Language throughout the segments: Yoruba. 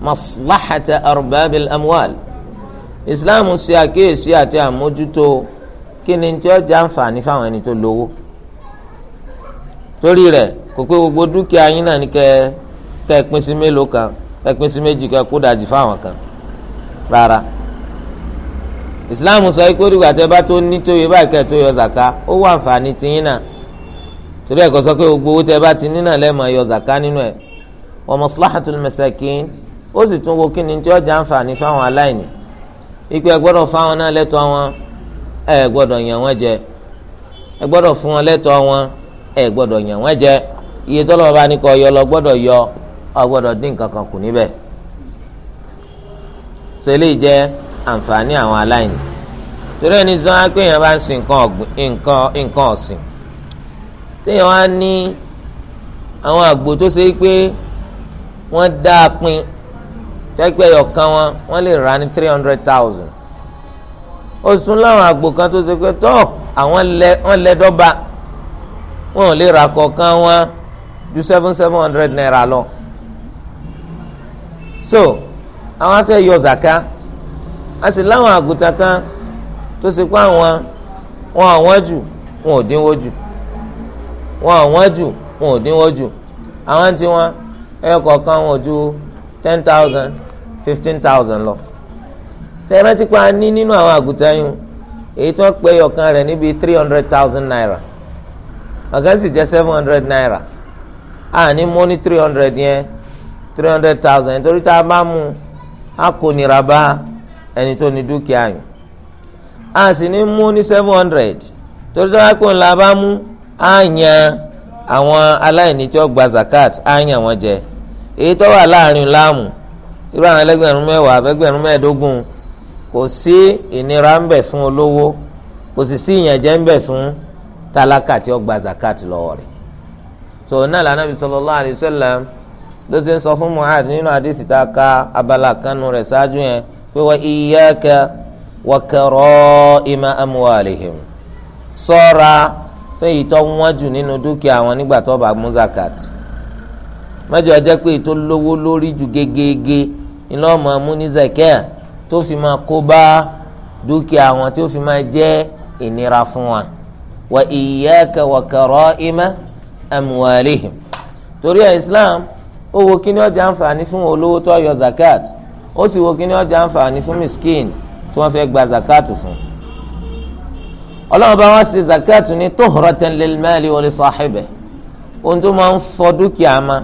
maslahata arbabil amwal islam ṣe àkíyèsí àti àmójútó kí ni tí ó jẹ́ àǹfààní fáwọn ẹni tó lówó torí rẹ̀ kò pé gbogbo dúkìá yín náà ni kẹ́ kẹ́ pín sí mélòó kan kẹ́ pín sí méjì kẹ́ kó dajì fáwọn kan rárá islam sọ pé dùgbà tẹ́ bá tó ní tó yẹ báyìí kẹ́ tó yọ zaka ó wà àǹfààní tiyín náà torí ẹ̀ kò sọ pé gbogbo owó tẹ́ bá ti ní náà lẹ́ẹ̀mọ́ yọ zaka nínú ẹ̀ wa maslahatul masakin ó sì tún wo kí ni tí ọjà àǹfààní fáwọn aláìní ìpè ẹgbọ́dọ̀ fáwọn náà lẹ́tọ̀ọ́ wọn ẹ gbọdọ yàn wọ́n jẹ fún wọn wọn ẹ gbọdọ iye tọ́lọ́ bá ní kọ́ yọ lọ yọ ọ gbọ́dọ̀ dín nǹkan kù níbẹ̀ àǹfààní àwọn aláìní torí ẹni sọ wá pé èèyàn bá ń sin nǹkan ọ̀sìn téèyàn wá wọ́n dá a pin tẹ́gbẹ́ ọ̀kan wọn wọ́n lè rà ní three hundred thousand ó sún láwọn àgbò kan tó ṣe pé tọ́ àwọn lẹ wọ́n lẹ dọ́ba wọn ò lè rà kọ̀ọ̀kan wọn ju seven seven hundred naira lọ so àwọn á fẹ́ yọ zaka á sì láwọn àgùntàn kan tó ṣe pé àwọn wọn àwọn jù wọn ò dínwó jù wọn àwọn jù wọn ò dínwó jù àwọn tí wọn ẹyọ kọ̀ọ̀kan wọn ò ju ten thousand fifteen thousand lọ ṣe é rántí pé a ní nínú àwọn àgùntàn yìí èyí tí wọ́n pe ọ̀kan rẹ̀ níbi three hundred thousand naira ọ̀kan sì jẹ́ seven hundred naira a ní mú ní three hundred yẹn three hundred thousand nítorí tá a bá mú a kò nira bá ẹni tó ní dúkìá yìí a sì ní mú ní seven hundred torí tá a kò nira bá mú a yàn àwọn aláìní tí wọ́n gba zakat a yàn wọ́n jẹ èyí tó wà láàrin láàmù irú àwọn ẹlẹgbẹ̀rún mẹ́wàá ẹgbẹ̀rún mẹ́ẹ̀ẹ́dógún kò sí ìnira ń bẹ fún olówó kò sì sí ìyànjẹ ń bẹ fún tálákà tí ó gba zakat lọ́wọ́ so náà lànà bí sallallahu alaihi ló ti ń sọ fún Mu'adh nínú àdìsí tá a ka abala kanu rẹ̀ ṣáájú yẹn pé ihe iyyaka jù nínú dúkìá wọn nígbà tó bá mú zakat. mẹ́jọ ajá pé ètò lówó lórí ju gegege iná ọmọ amúnizakia tó fi máa kó bá dúkìá wọn tó fi máa jẹ́ ìnira fún wa wa iyyaka wa karaima amwalihim torí ẹ̀ islam ó wo kí ni ọjà àǹfààní fún olówó tó yọ zakat ó sì wo kí ni ọjà àǹfààní fún miskin tí wọ́n fẹ́ gba zakat fún ọlọ́run bá wá sí zakat ní tuhratan lil mali wa ohun tó máa ń fọ dúkìá máa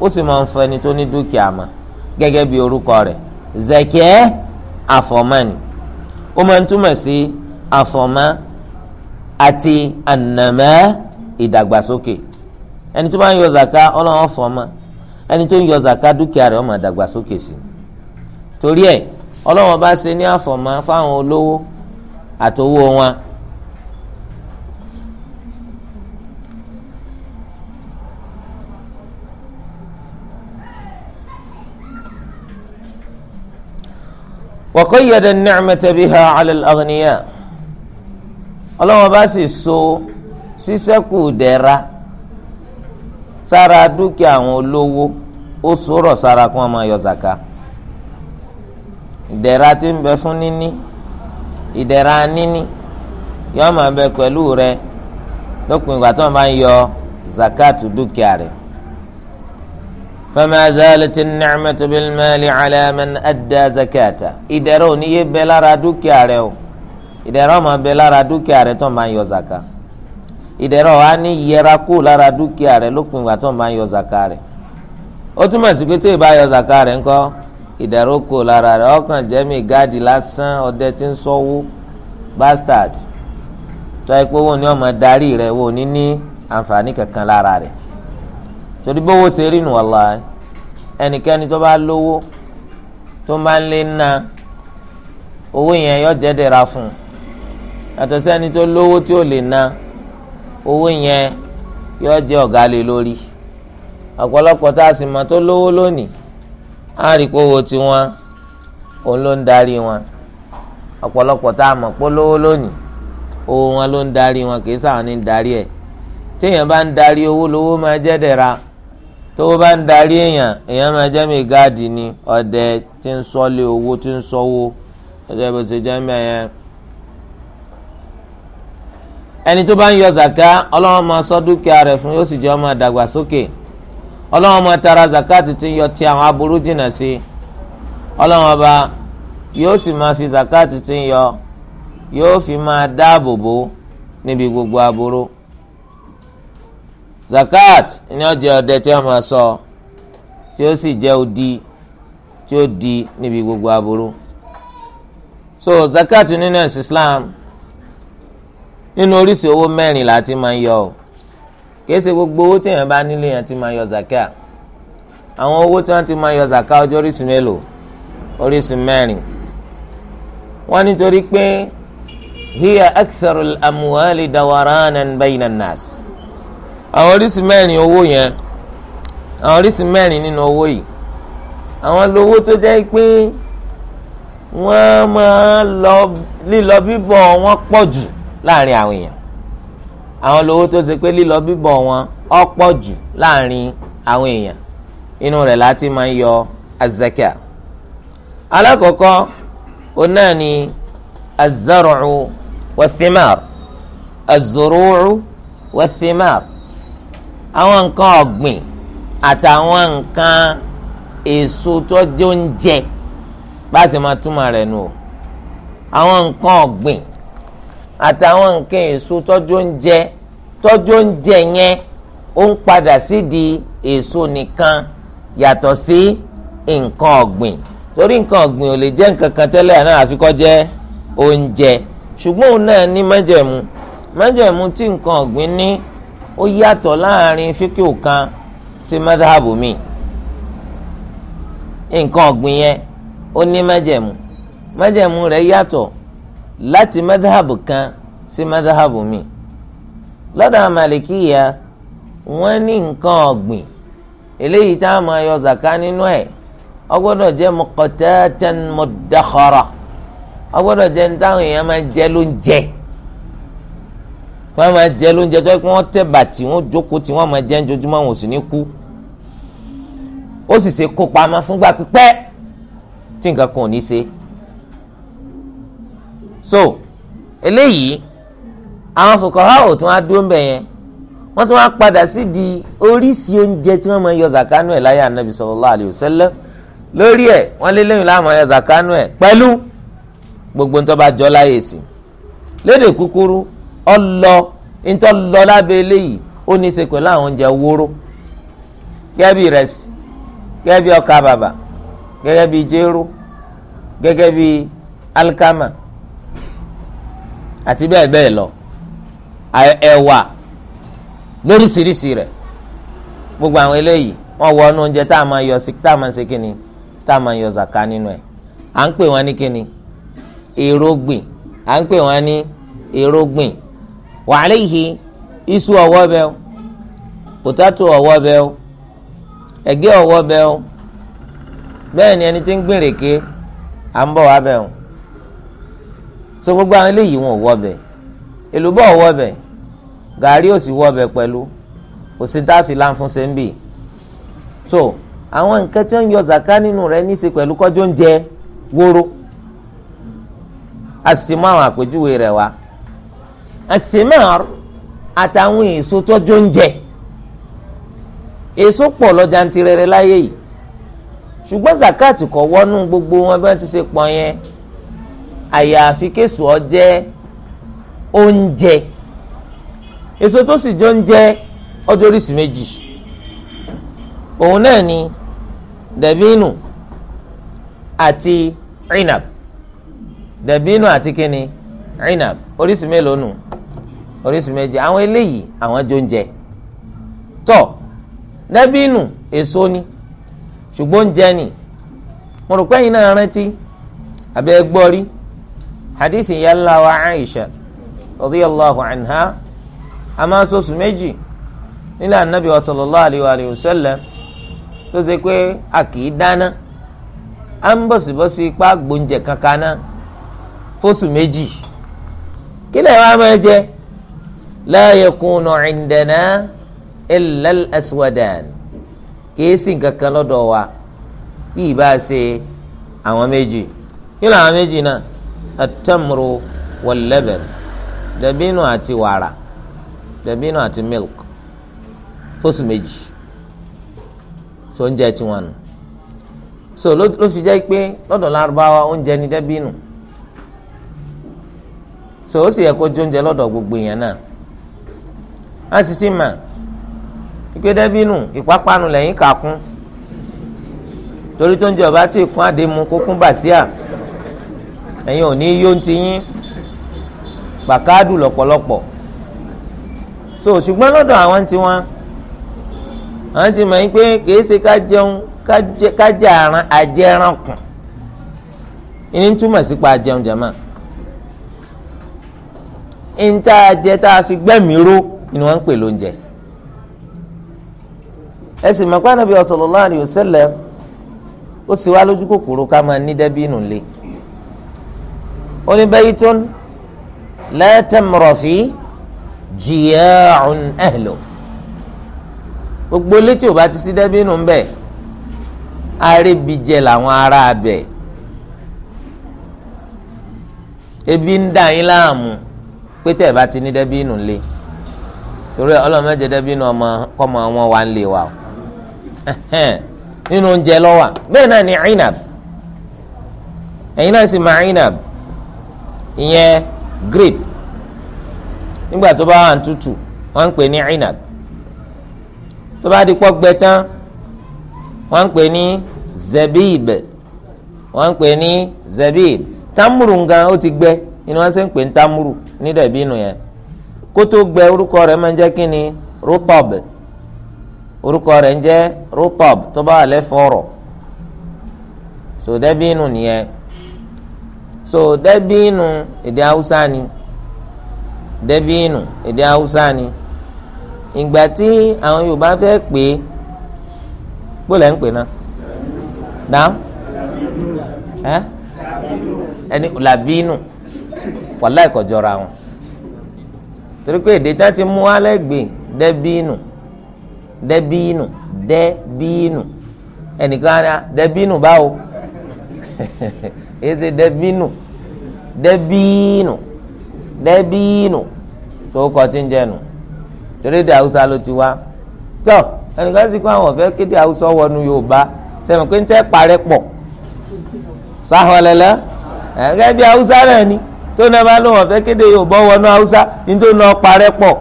ó sì máa ń fún ẹni tó ní dúkìá mọ́ gẹ́gẹ́ bí orúkọ rẹ̀ zẹ̀kẹ́ àfọ̀mọ́ni ó máa ń túmọ̀ sí àfọ̀mọ́ àti ànàmọ́ ìdàgbàsókè ẹni tó bá ń yọ zaka ẹni tó ń yọ zaka dúkìá sí torí bá وقيد النعمة بها على الأغنياء ọlọ́wọ́n bá si so ṣíṣẹ́kù dẹ̀ra sára dúkìá àwọn olówó ó sọ̀rọ̀ sára kí ma yọ zaka ìdẹ̀ra tí ń bẹ nini níní ìdẹ̀ra níní yọ́ọ́ rẹ فما زالت النعمة بالمال على من أدى زكاته ìdẹ̀ra ni yẹ bẹ lára dúkìá rẹ o ìdẹ̀ra máa bẹ lára dúkìá rẹ tó máa ń yọ zaka ìdẹ̀ra wa ní yẹra kó lára dúkìá rẹ lópin ìgbà tó máa ń yọ zaka rẹ ó túmọ̀ sí pé tó ìbá yọ zaka rẹ ńkọ́ ìdẹ̀ra kó lára rẹ ọkàn jẹ́mi gáàdì lásán ọdẹ tí ń sọ́wọ́ bastard tó ẹ pé wọn ni wọn máa darí rẹ wọn ò ní ní àǹfààní kankan lára rẹ. torí bówó ṣe rí nù ọ̀la ẹnikẹ́ni tó bá lówó tó máa ń lé ná owó yẹn yọ jẹ́dẹ̀ra fún yàtọ̀ sẹ́ni tó lówó tí lè owó yẹn yọ jẹ́ ọ̀gá lé lórí ọ̀pọ̀lọpọ̀ tá a sì mọ̀ tó lówó lónìí á rí tiwọn òun ló ń darí wọn ọ̀pọ̀lọpọ̀ tá a mọ̀ lówó lónìí owó wọn ló ń darí o bá ń darí èèyàn èèyàn máa jẹ́ mi gáàdì ni ọ̀dẹ tí ń sọ́lé owó tí ń sọ́wó ọjọ́ ìbò ṣe jẹ́ mẹ́yẹn. ẹni tó bá ń zaka ọlọ́wọ́n máa sọ fún yóò sì jẹ́ tara zaka tuntun yọ ti àwọn aburú sí ọlọ́wọ́n yóò fi zaka tuntun yọ yóò fi máa dáàbò bò níbi zakat ni ó jẹ́ ọdẹ tí wọ́n máa sọ tí ó sì jẹ́ odi tí ó di níbi gbogbo aburú so zakat nínú ẹ̀sìn Islam nínú oríṣi owó mẹ́rin láti máa ń yọ o kìí ṣe gbogbo owó tí èèyàn bá nílé yẹn ti máa yọ zakat àwọn owó tí wọ́n ti máa yọ zakat ọjọ́ oríṣi mélòó oríṣi mẹ́rin wọ́n nítorí pé hiya aktharul amwali dawaranan bayna nas àwọn oríṣi mẹ́rin owó yẹn àwọn oríṣi mẹ́rin nínú owó yìí àwọn lówó tó jẹ́ pé wọ́n máa lọ lílọ bíbọ̀ wọn pọ̀ jù láàrin àwọn èèyàn àwọn lówó tó ṣe pé lílọ bíbọ̀ wọn ọ̀pọ̀ jù láàrin àwọn èèyàn inú rẹ̀ láti máa ń yọ azakia alákọ̀ọ́kọ́ òun náà ni azaru'u wa thimar azuru'u wa thimar. Az àwọn nǹkan ọ̀gbìn àtàwọn nǹkan èso tó jẹ́ oúnjẹ bá a sì máa túmọ̀ rẹ̀ nù o àwọn nǹkan ọ̀gbìn àtàwọn nǹkan èso tọ́jú oúnjẹ tọ́jú oúnjẹ yẹn ó ń padà sídìí èso nìkan yàtọ̀ sí nǹkan ọ̀gbìn torí nǹkan ọ̀gbìn ò lè jẹ́ nǹkan kan tẹ́lẹ̀ náà àfi kó jẹ́ oúnjẹ ṣùgbọ́n òun náà ní májẹ̀mú májẹ̀mú tí nǹkan ọ̀gbìn ní ó yàtọ̀ láàrin fíkìú kan sí madhabu mi nǹkan ọ̀gbìn yẹn ó ní májẹ̀mú májẹ̀mú rẹ̀ yàtọ̀ láti madhabu kan sí madhabu mi lọ́dọ̀ àmàlìkíyà wọ́n ní nǹkan ọ̀gbìn eléyìí tá a máa yọ zaka nínú ẹ̀ ó gbọ́dọ̀ jẹ́ muqatatan mudakhara ó gbọ́dọ̀ jẹ́ ní táwọn èèyàn máa jẹ ló ń jẹ wọ́n máa jẹ lóúnjẹ tó yẹ kí wọ́n tẹ̀ bàtì wọ́n jókòó tí wọ́n máa jẹ ojoojúmọ́ wọn ò sì ní kú ó sì ṣe kó pamọ́ fúngbà pípẹ́ tí nǹkan kan ò ní ṣe so eléyìí àwọn fòkànhá ò tún á dúró mbẹ yẹn wọ́n tún á padà sí di oríṣi oúnjẹ tí wọ́n máa yọ zakanu ẹ̀ láyé anabi sallallahu alayhi wa sallam lórí ẹ̀ wọ́n lé lẹ́yìn láàmú yọ zakanu ẹ̀ pẹ̀lú gbogbo nítorí bá jọ láyè sí lédè kúkúrú ọlọ ntọ́ lọ lábẹ́ eléyìí ó ní í ṣe pẹ̀lú àwọn oúnjẹ wóró gẹ́gẹ́ bí ìrẹsì gẹ́gẹ́ bí ọkà bàbà bí jéró alikama àti bẹ́ẹ̀ bẹ́ẹ̀ lọ ẹ̀wà lóríṣiríṣi rẹ̀ gbogbo àwọn eléyìí wọ́n wọ inú oúnjẹ tá a máa yọ sí tá a máa ṣe kíni tá a máa yọ zaka nínú ẹ̀ à ń pè wọ́n ní kíni èrògbìn à ń wa isu iṣu ọ̀wọ́ bẹ́ẹ̀ o potato ọ̀wọ́ bẹ́ẹ̀ o ẹ̀gẹ́ ọ̀wọ́ bẹ́ẹ̀ o bẹ́ẹ̀ ni ẹni tí ń gbìn rèké à ń bọ̀ wá bẹ́ẹ̀ o so gbogbo àwọn eléyìí wọn ò bẹ́ẹ̀ èlùbọ́ ọ̀wọ́ bẹ́ẹ̀ gàrí ò wọ́ bẹ́ẹ̀ pẹ̀lú kò dáàsì láǹfún ń bì so àwọn nǹkan tí wọ́n ń yọ zaka nínú rẹ̀ ní í ṣe pẹ̀lú kọ́jọ́ ń wóró a sì ti mú àwọn àpèjúwe rẹ̀ wá. Asemar àtàwọn èso tọ́jú oúnjẹ èso pọ̀ lọ́jà ń tirẹrẹ láyé yìí ṣùgbọ́n zakat kò wọ́nú gbogbo wọn bí wọ́n ti ṣe pọ̀ yẹn àyàfi késo ọjẹ́ oúnjẹ èso tó sì jọ ń jẹ ọjọ́ oríṣi méjì òun náà ni dàbínù àti inab dàbínù àti kíni inab oríṣi mélòó nù orísun méje àwọn eléyìí àwọn jọ ń jẹ tọ dẹbìnù èso ni ṣùgbọ́n oúnjẹ ni mo rò pé ẹ̀yin náà rántí abẹ́ gbọ́ rí hadith yàrá wa Aisha radiyallahu anha a máa sọ̀sù méjì nílẹ̀ anabi wa sallallahu alayhi wa sallam tó ṣe pé a kì dáná à ń bọ̀sibọ̀si ipá gbóúnjẹ kankan náà fóṣù méjì kí lè máa jẹ la yakunu indana illa al-aswadan kìí sì kankan lọ́dọ̀ wa bí ìbá ṣe àwọn méjì kí ló àwọn méjì náà at-tamru wal-laban dàbínù àti wàrà dàbínù àti milk fóṣù méjì tó ń jẹ tiwọn nù so ló fi jẹ́ pé lọ́dọ̀ lárúbáwá oúnjẹ ni dàbínù so ó sì yẹ kó jóúnjẹ lọ́dọ̀ gbogbo yẹn náà a sì ti mà ìpè dẹ́bínú ìpápánu lẹ́yìn kàkún torí tó ń jẹ ọba tí ìkún àdému kó kún bàṣíà ẹ̀yin ò ní yóò ti yín gbàkádù lọ́pọ̀lọpọ̀ so ṣùgbọ́n lọ́dọ̀ àwọn tí wọ́n àwọn tí mọ̀ yín pé kìí ṣe ká jẹun ká jẹ àrùn ajẹrankùn ìní túmọ̀ sí pa jẹun jẹ̀mọ́ ìní a jẹ tá a fi gbẹ́mìí ró ni wọ́n ń pè lóúnjẹ ẹ sì mọ̀ pé Ànábì sallallahu alaihi wasallam ó sì wá lójú kòkòrò ká máa ní dàbínù lé ó ní baytun la tamra fi jiya'un ahlu gbogbo létí ò bá ti sí dàbínù ń bẹ arébíjẹ làwọn ará abẹ ebi ń dà yín láàmú pé tẹ̀ bá ti ní dàbínù lé torí ọlọ́run mẹ́jẹ dẹ́bí inú ọmọ kọ́mọ wọn wà ń lè wa o nínú oúnjẹ lọ́wà bẹ́ẹ̀ náà ni inab ẹ̀yin náà sì máa inab ìyẹn grape nígbà tó bá wà ń tutù wọ́n ń pè ní inab tó bá di pọ́ gbẹ tán wọ́n ń pè ní zebib wọ́n ń pè ní zebib tamuru ngan ó ti gbẹ inú wọn sì ń pè ní tamuru ní dẹ̀bí inú yẹn kótó gbẹ orúkọ rẹ̀ máa ń jẹ́ kínni rútọb orúkọ rẹ̀ ń jẹ́ rútọb tó bá alẹ́ fọ̀rọ̀ so dẹ́bínú nìyẹn so dẹ́bínú èdè haúsá ni dẹ́bínú èdè haúsá ni ìgbà tí àwọn yorùbá fẹ́ pè é gbọ́dọ̀ ń pè náà dáhùn ẹ ẹni làbínú wàláì kọjọra wọn torí pé èdè tá ti mú alẹ́ gbè dẹ́bínù dẹ́bínù dẹ́bínù ẹnìkan á ah, dẹ́bínù báwo èsè dẹ́bínù dẹ́bínù dẹ́bínù sókò tí ń jẹnu torí èdè haúsá ló ti wá tọ ẹnìkan sì kó àwọn ọ̀fẹ́ kéde haúsá wọnú yorùbá sẹ́nu pé ń tẹ́ parẹ́ pọ̀ sáhọ́lẹ́lẹ́ ẹ̀ gẹ́gẹ́ bí haúsá náà ni tó náà bá lóun ọ̀fẹ́ kéde Yorùbá wọnú Haúsá nítorí náà parẹ́ pọ̀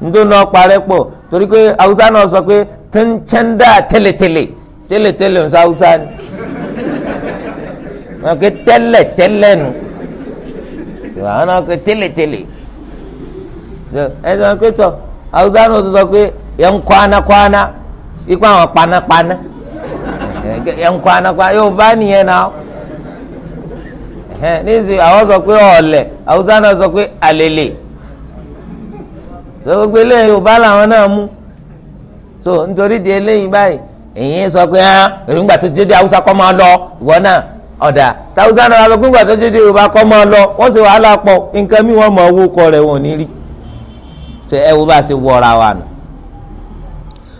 nítorí náà parẹ́ pọ̀ torí pé Haúsá náà sọ pé tẹ́ńtẹ́ńdà tẹ́lẹ̀tẹ́lẹ̀ tẹ́lẹ̀tẹ́lẹ̀ ń sọ Haúsá ni wọn kẹ tẹ́lẹ̀tẹ́lẹ̀ nu àwọn náà kẹ tẹ́lẹ̀tẹ́lẹ̀ ẹ sọ pé tọ Haúsá náà sọ pé yẹn ń kwana kwana ikú àwọn panápaná yẹn ń kwana kwana Yorùbá nìyẹn náà. ẹ àwọn sọ pé ọ̀lẹ̀ haúsá náà pé àlèlè so gbogbo eléyìí ò bá làwọn náà mú so nítorí di eléyìí báyìí èyí sọ pé hàn èròǹgbà tó jẹ́dẹ́ haúsá kọ́ máa lọ ìwọ náà ọ̀dà táwùsá náà sọ tó yorùbá kọ́ máa lọ wọ́n sì wàhálà pọ̀ nǹkan mi wọ́n owó kọ rẹ̀ wọ́n ní so ẹ wo bá ṣe wọ wa nù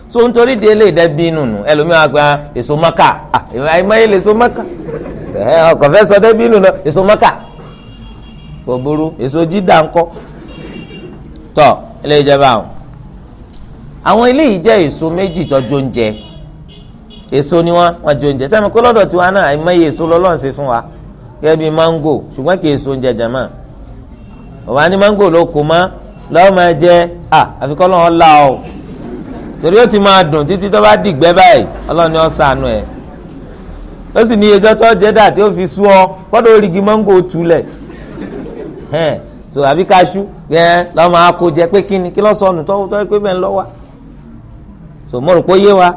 so nítorí di eléyìí ẹ ọkọ fẹ sọ débi ìlú náà èso mọkà kò burú èso jídà ńkọ tọ ilé ìjẹba àwọn àwọn ilé yìí jẹ èso méjì tọjú oúnjẹ èso ni wọn wọn jẹ oúnjẹ sẹmi kó lọ́dọ̀ tiwa náà àìmọye èso lọ́lọ́run ṣe fún wa gẹ́gẹ́ bíi máńgò ṣùgbọ́n kì í èso oúnjẹ jẹmọ ọba ní máńgò ló kó mọ lọ́wọ́ máa jẹ à àfikọ́ lọ́wọ́ la ọ torí ó ti máa dùn títí tó bá dìgbẹ́ báyìí ọlọ́run ni ó ṣàánú ẹ̀ ó sì ní ẹjọ́ tó jẹ́ dà tí ó fi sú ọ kọ́dọ̀ orígi mọ́ngò tulẹ̀ hẹ́n so àbí kaṣú yẹn lọ́mọ akójẹ pé kíni kí lọ́sọ̀nù tọ́wọ́ tọ́wọ́ pé bẹ́ẹ̀ ń lọ́wọ́ so mo rò pé yé wa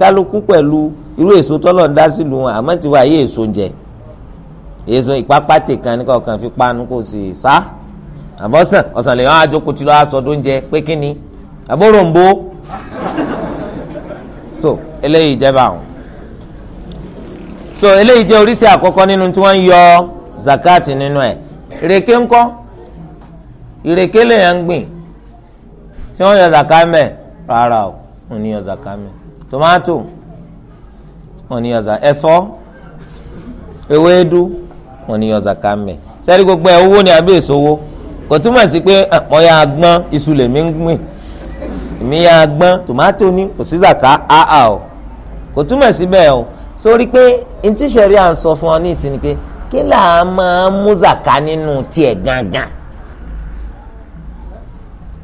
kálukú pẹ̀lú irú èso tọ́lọ̀ ń dá sílùú wọn àmọ́ tiwa ayé èso jẹ èso ìpápátì kan ní kọ̀ọ̀kan fi panu kò sì sá àbọ̀sàn ọ̀sàn lè yàn àjòkó tí lọ́wọ́ aṣọ tó ń jẹ pé kíni àbóròǹbó so eléyìí jẹba àwọn so eléyìí jẹ́ oríṣi àkọ́kọ́ nínú tí wọ́n ń yọ zakat nínú ẹ̀ ìrèké ńkọ́ ìrèké lèèyàn ń gbìn ṣé wọ́n yọ zakat mẹ́ rárá o wọ́n ní yọ zakat mẹ́ tomato wọ́n ní yọ zakat ẹ̀fọ́ ewédú wọ́n ní yọ zakat mẹ́ sẹ́ni gbogbo ẹ̀ owó ni àbí èso owó kò túmọ̀ sí pé ah, mo yà á gbọ́n iṣu lèmi ń gbìn èmi yà á gbọ́n tomato ni kò sí zakat áà o kò túmọ̀ sí bẹ́ẹ̀ o sórí pé ntí sẹ́rí à ń sọ fún ọ ní ìsinmi pé kí là á máa mú zaka nínú tiẹ̀ gangan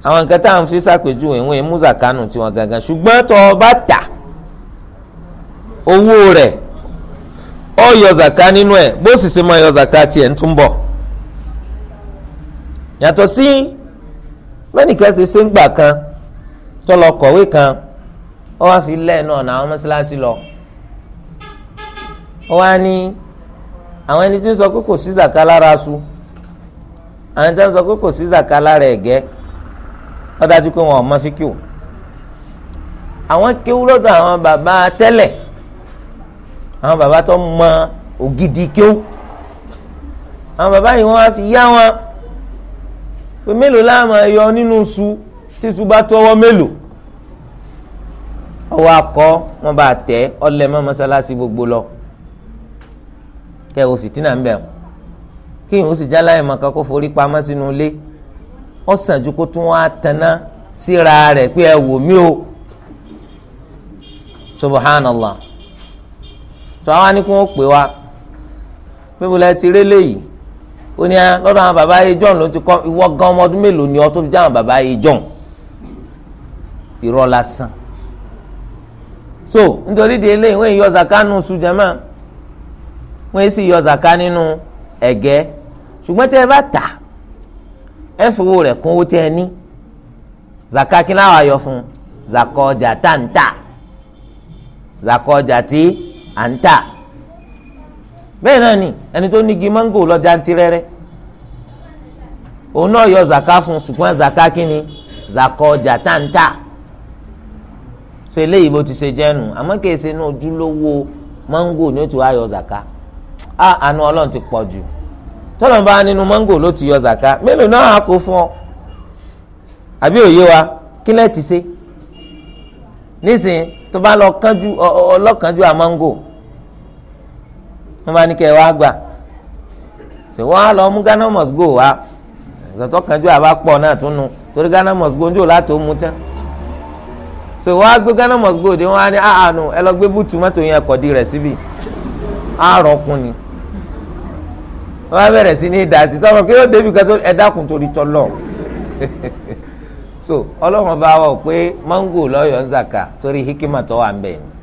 àwọn nǹkan tá à ń fi ṣàpèjúwe ìwọ̀n mú zaka nù tiwọn gangan ṣùgbọ́n tó o bá tà owó rẹ̀ ó yọ zaka nínú ẹ̀ bó sì ṣe máa yọ zaka tiẹ̀ ń túnbọ̀ yàtọ̀ sí mẹ́nìkan ṣe ṣe kan tó kọ̀wé kan ó wá fi lẹ́ẹ̀ náà náà mọ́ṣáláṣí lọ wọ́n á ní àwọn ẹni tí ń sọ pé kò sí zaka lára su àwọn ẹni tí ń sọ pé kò sí zaka lára ẹ̀gẹ́ ó dájú pé wọn ò mọ fíkìú àwọn kéwú lọ́dọ̀ àwọn bàbá tẹ́lẹ̀ àwọn bàbá tó mọ ògidì kéwú àwọn bàbá yìí wọ́n á fi yá wọn pé mélòó láàmú ẹyọ nínú su tí su bá tọwọ́ mélòó ọwọ́ akọ wọn bá tẹ ọlẹ́mọ mọ́sálásí gbogbo lọ. kẹ́ ẹ wo fìtínà ń bẹ̀ o kéèyàn ó sì já láì màkà kó forí pamọ́ sínú ilé ó sàn ju kó tún wá tanná síra rẹ̀ pé ẹ wò mí o subhanallah tó àwa pè wá ti rí léyìí ó ní lọ́dọ̀ àwọn bàbá yìí john ló ti kọ́ ìwọ gan ọmọ mélòó ni ọ tó fi já àwọn bàbá yìí john irọ́ lásán so nítorí di eléyìí wọ́n yọ zakanu sujama wọ́n sì yọ zaka nínú ẹ̀gẹ́ ṣùgbọ́n tẹ́ ẹ bá tà ẹ fowó rẹ̀ kún owó tẹ́ ẹ ní zaka kí láwa yọ fún zakọ ọjà tá ń tà zakọ ọjà tí à ń tà bẹ́ẹ̀ náà ni ẹni tó nígi mángò lọ́jà ń tirẹ́rẹ́ òun náà yọ zaka fún ṣùgbọ́n zaka kí ni zakọ ọjà tá ń tà so eléyìí ti ṣe jẹ́nu àmọ́ kìí ṣe ojúlówó mángò ni ó ti wá yọ zaka. a àánú ọlọ́run ti pọ̀ jù tọ́lọ̀ bá nínú mọ́ngò ló ti yọ zaka mélòó náà a fún ọ àbí òye wa kí lẹ́ẹ̀ ti ṣe nísìnyí tó bá lọ kánjú ọlọ́kánjú àmọ́ngò wọ́n bá ní kẹ́ ẹ wá gbà lọ mú Ghana must go wa ìgbàtọ́ kánjú àbá pọ̀ náà tún nu torí go láti ó tán wọ́n á gbé Ghana must go dé wọ́n á wọ́n á bẹ̀rẹ̀ sí ní ìdásí sọ́mọ kí yóò débi kan tó torí tọ́lọ̀ so ọlọ́run bá wọ̀ pé mango lọ́yọ̀ ń zàkà torí hikima tó wà ń bẹ̀ ni